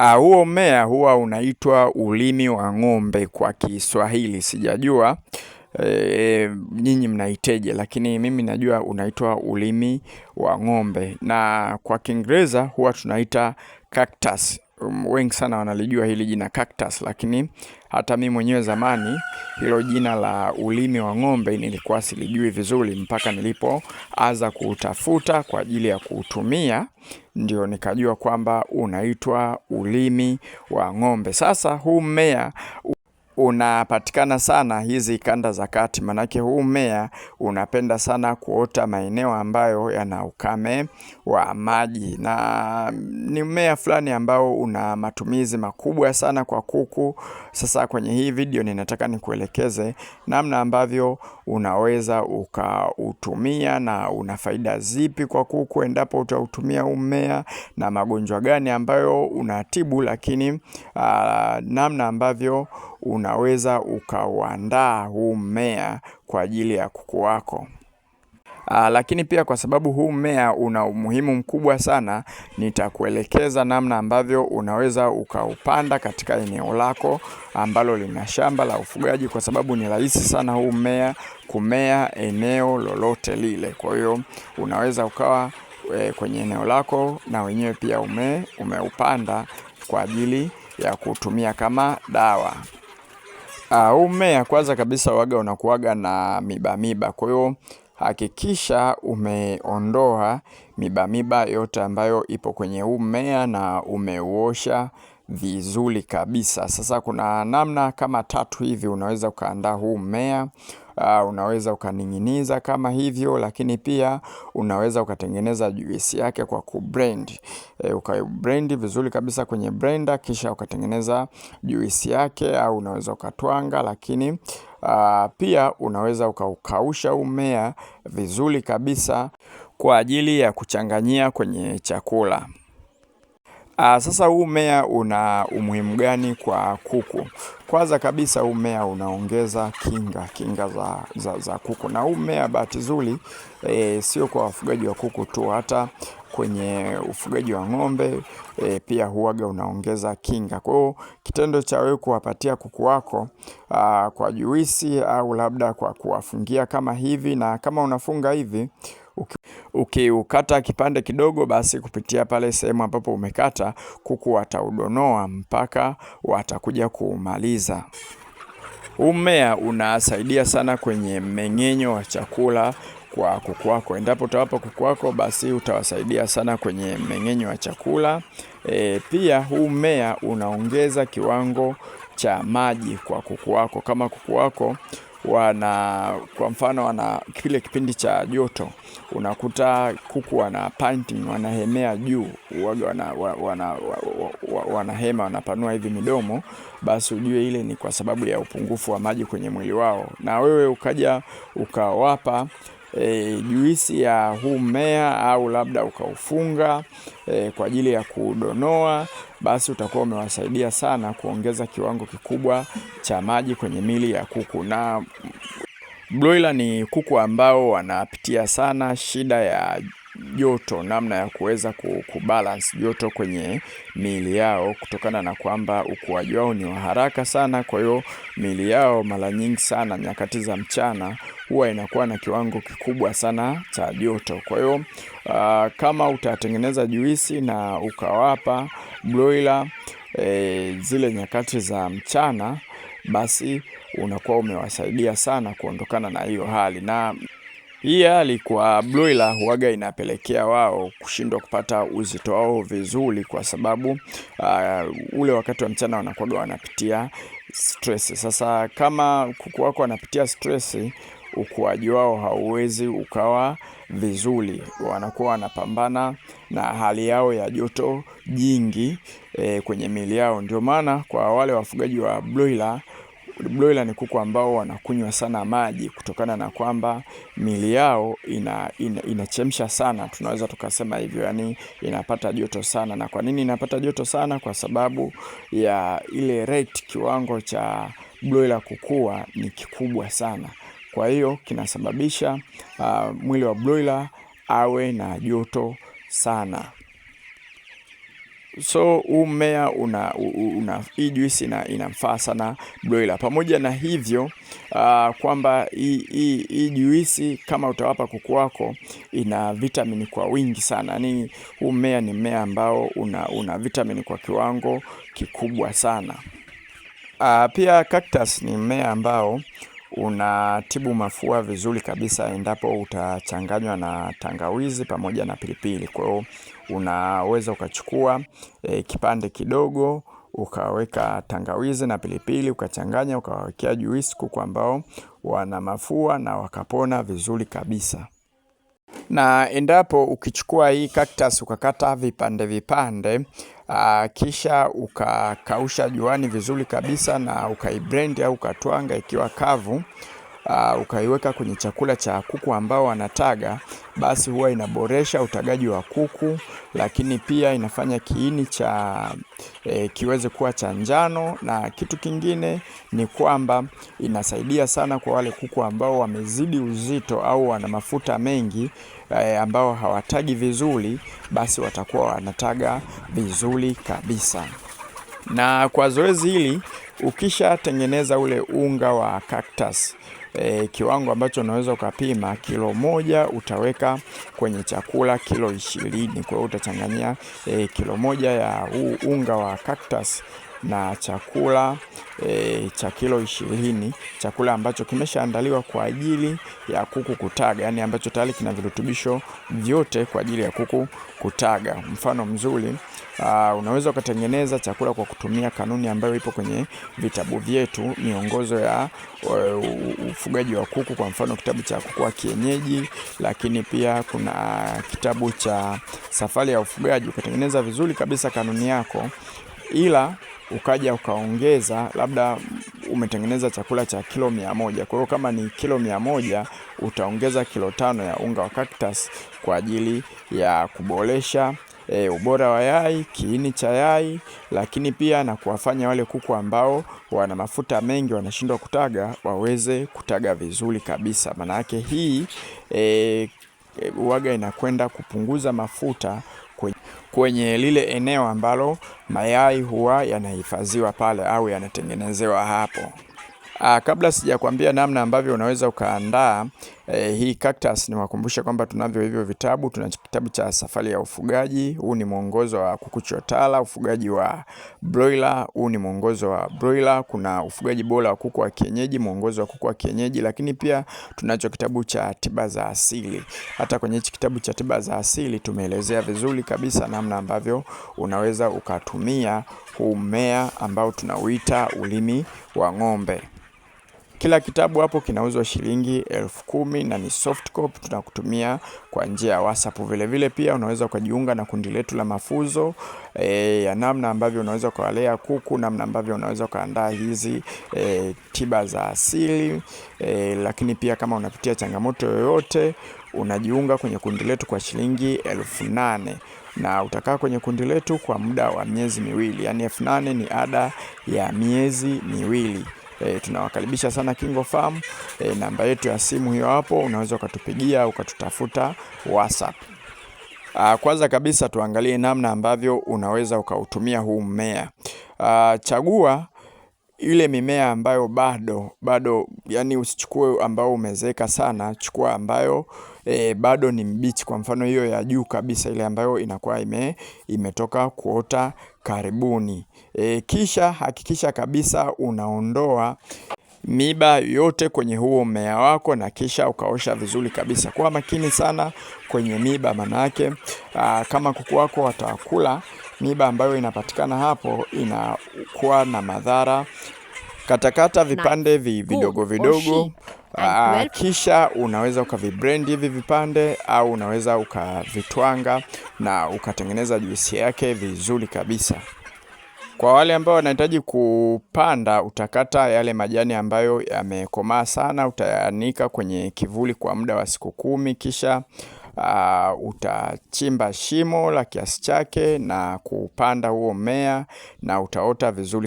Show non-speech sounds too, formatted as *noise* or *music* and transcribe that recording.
Ah, huo mmea huwa unaitwa ulimi wa ng'ombe kwa Kiswahili, sijajua E, nyinyi mnaiteje, lakini mimi najua unaitwa ulimi wa ng'ombe, na kwa Kiingereza huwa tunaita cactus. Um, wengi sana wanalijua hili jina cactus, lakini hata mimi mwenyewe zamani hilo jina la ulimi wa ng'ombe nilikuwa silijui vizuri, mpaka nilipoanza kuutafuta kwa ajili ya kuutumia ndio nikajua kwamba unaitwa ulimi wa ng'ombe. Sasa huu mmea unapatikana sana hizi kanda za kati, manake huu mmea unapenda sana kuota maeneo ambayo yana ukame wa maji, na ni mmea fulani ambao una matumizi makubwa sana kwa kuku. Sasa kwenye hii video ninataka nikuelekeze namna ambavyo unaweza ukautumia na una faida zipi kwa kuku endapo utautumia huu mmea na magonjwa gani ambayo unatibu, lakini uh, namna ambavyo unaweza ukauandaa huu mmea kwa ajili ya kuku wako. Aa, ah, lakini pia kwa sababu huu mmea una umuhimu mkubwa sana, nitakuelekeza namna ambavyo unaweza ukaupanda katika eneo lako ambalo lina shamba la ufugaji, kwa sababu ni rahisi sana huu mmea kumea eneo lolote lile. Kwa hiyo unaweza ukawa e, kwenye eneo lako na wenyewe pia ume umeupanda kwa ajili ya kutumia kama dawa. Uh, mmea kwanza kabisa waga unakuwaga na miba miba, kwa hiyo hakikisha umeondoa miba miba yote ambayo ipo kwenye huu mmea na umeuosha vizuri kabisa. Sasa kuna namna kama tatu hivi unaweza ukaandaa huu mmea. Uh, unaweza ukaning'iniza kama hivyo, lakini pia unaweza ukatengeneza juisi yake kwa kubrand e, ukabrand vizuri kabisa kwenye blender, kisha ukatengeneza juisi yake, au unaweza ukatwanga, lakini uh, pia unaweza ukaukausha huu vizuri kabisa kwa ajili ya kuchanganyia kwenye chakula. Aa, ah, sasa huu mmea una umuhimu gani kwa kuku? Kwanza kabisa huu mmea unaongeza kinga kinga za, za, za kuku, na huu mmea bahati nzuri e, sio kwa wafugaji wa kuku tu, hata kwenye ufugaji wa ng'ombe e, pia huaga unaongeza kinga. Kwa hiyo kitendo cha wewe kuwapatia kuku wako aa, ah, kwa juisi au labda kwa kuwafungia kama hivi, na kama unafunga hivi *laughs* Ukiukata kipande kidogo, basi kupitia pale sehemu ambapo umekata, kuku wataudonoa mpaka watakuja kuumaliza. Huu mmea unasaidia sana kwenye mmeng'enyo wa chakula kwa kuku wako. Endapo utawapa kuku wako, basi utawasaidia sana kwenye mmeng'enyo wa chakula. E, pia huu mmea unaongeza kiwango cha maji kwa kuku wako. Kama kuku wako wana kwa mfano, wana kile kipindi cha joto, unakuta kuku wana panting, wanahemea juu, uwaga wana, wana, wanahema wanapanua hivi midomo, basi ujue ile ni kwa sababu ya upungufu wa maji kwenye mwili wao, na wewe ukaja ukawapa e, juisi ya huu mmea au labda ukaufunga e, kwa ajili ya kudonoa basi utakuwa umewasaidia sana kuongeza kiwango kikubwa cha maji kwenye mili ya kuku. Na broiler ni kuku ambao wanapitia sana shida ya joto, namna ya kuweza kubalance joto kwenye miili yao, kutokana na kwamba ukuaji wao ni wa haraka sana. Kwa hiyo miili yao mara nyingi sana nyakati za mchana huwa inakuwa na kiwango kikubwa sana cha joto. Kwa hiyo uh, kama utatengeneza juisi na ukawapa broiler e, zile nyakati za mchana, basi unakuwa umewasaidia sana kuondokana na hiyo hali na hii hali kwa broiler huaga inapelekea wao kushindwa kupata uzito wao vizuri, kwa sababu uh, ule wakati wa mchana wanakuwaga wanapitia stress. Sasa kama kuku wako wanapitia stress, ukuaji wao hauwezi ukawa vizuri, wanakuwa wanapambana na hali yao ya joto jingi e, kwenye miili yao. Ndio maana kwa wale wafugaji wa broiler broiler ni kuku ambao wanakunywa sana maji kutokana na kwamba mili yao inachemsha ina, ina sana, tunaweza tukasema hivyo, yani inapata joto sana. Na kwa nini inapata joto sana? Kwa sababu ya ile rate, kiwango cha broiler kukua ni kikubwa sana. Kwa hiyo kinasababisha uh, mwili wa broiler awe na joto sana. So huu mmea una, una, hii juisi inamfaa sana broiler. Pamoja na hivyo uh, kwamba hii juisi kama utawapa kuku wako ina vitamini kwa wingi sana, ni yaani, huu mmea ni mmea ambao una, una vitamini kwa kiwango kikubwa sana. Uh, pia cactus ni mmea ambao unatibu mafua vizuri kabisa endapo utachanganywa na tangawizi pamoja na pilipili. Kwa hiyo unaweza ukachukua e, kipande kidogo ukaweka tangawizi na pilipili ukachanganya, ukawawekea juisi kuku ambao wana mafua na wakapona vizuri kabisa. Na endapo ukichukua hii cactus ukakata vipande vipande aa, ah, kisha ukakausha juani vizuri kabisa na ukaiblend au ukatwanga ikiwa kavu uh, ukaiweka kwenye chakula cha kuku ambao wanataga, basi huwa inaboresha utagaji wa kuku, lakini pia inafanya kiini cha e, kiweze kuwa cha njano. Na kitu kingine ni kwamba inasaidia sana kwa wale kuku ambao wamezidi uzito au wana mafuta mengi e, ambao hawatagi vizuri, basi watakuwa wanataga vizuri kabisa. Na kwa zoezi hili ukishatengeneza ule unga wa cactus e, kiwango ambacho unaweza ukapima, kilo moja utaweka kwenye chakula kilo ishirini. Kwa hiyo utachanganyia e, kilo moja ya huu unga wa cactus na chakula e, cha kilo ishirini, chakula ambacho kimeshaandaliwa kwa ajili ya kuku kutaga, yani ambacho tayari kina virutubisho vyote kwa ajili ya kuku kutaga. Mfano mzuri Uh, unaweza ukatengeneza chakula kwa kutumia kanuni ambayo ipo kwenye vitabu vyetu, miongozo ya uh, ufugaji wa kuku. Kwa mfano kitabu cha kuku wa kienyeji, lakini pia kuna kitabu cha safari ya ufugaji. Ukatengeneza vizuri kabisa kanuni yako, ila ukaja ukaongeza, labda umetengeneza chakula cha kilo mia moja. Kwa hiyo kama ni kilo mia moja utaongeza kilo tano ya unga wa cactus kwa ajili ya kuboresha E, ubora wa yai, kiini cha yai, lakini pia na kuwafanya wale kuku ambao wana mafuta mengi wanashindwa kutaga waweze kutaga vizuri kabisa. Maana yake hii e, e, uwaga inakwenda kupunguza mafuta kwenye, kwenye lile eneo ambalo mayai huwa yanahifadhiwa pale au yanatengenezewa hapo. Aa, ah, kabla sijakwambia namna ambavyo unaweza ukaandaa Eh, hii Cactus niwakumbushe kwamba tunavyo hivyo vitabu. Tuna kitabu cha safari ya ufugaji, huu ni mwongozo wa kuku chotara, ufugaji wa broiler, huu ni mwongozo wa broiler. Kuna ufugaji bora wa kuku wa kienyeji, mwongozo wa kuku wa kienyeji, lakini pia tunacho kitabu cha tiba za asili. Hata kwenye hichi kitabu cha tiba za asili tumeelezea vizuri kabisa namna ambavyo unaweza ukatumia huu mmea ambao tunauita ulimi wa ng'ombe. Kila kitabu hapo kinauzwa shilingi elfu kumi na ni soft copy tunakutumia kwa njia ya WhatsApp. Vile vile pia unaweza ukajiunga na kundi letu la mafuzo e, ya namna ambavyo unaweza ukawalea kuku, namna ambavyo unaweza ukaandaa hizi e, tiba za asili e, lakini pia kama unapitia changamoto yoyote unajiunga kwenye kundi letu kwa shilingi elfu nane na utakaa kwenye kundi letu kwa muda wa miezi miwili, yaani elfu nane ni ada ya miezi miwili e, tunawakaribisha sana Kingo Farm e, namba yetu ya simu hiyo hapo, unaweza ukatupigia ukatutafuta WhatsApp. Ah, kwanza kabisa tuangalie namna ambavyo unaweza ukautumia huu mmea. Ah, chagua ile mimea ambayo bado bado, yani usichukue ambayo umezeeka sana, chukua ambayo e, bado ni mbichi. Kwa mfano hiyo ya juu kabisa ile ambayo inakuwa ime, imetoka kuota karibuni e, kisha hakikisha kabisa unaondoa miba yote kwenye huo mmea wako, na kisha ukaosha vizuri kabisa. Kuwa makini sana kwenye miba, manake ah, kama kuku wako watakula miba ambayo inapatikana hapo inakuwa na madhara. Katakata vipande vi vidogo oh, vidogo, aa, ah, kisha unaweza ukavibrendi hivi vipande au unaweza ukavitwanga na ukatengeneza juisi yake vizuri kabisa. Kwa wale ambao wanahitaji kupanda, utakata yale majani ambayo yamekomaa sana, utayanika kwenye kivuli kwa muda wa siku kumi kisha uh, utachimba shimo la kiasi chake na kuupanda huo mmea na utaota vizuri.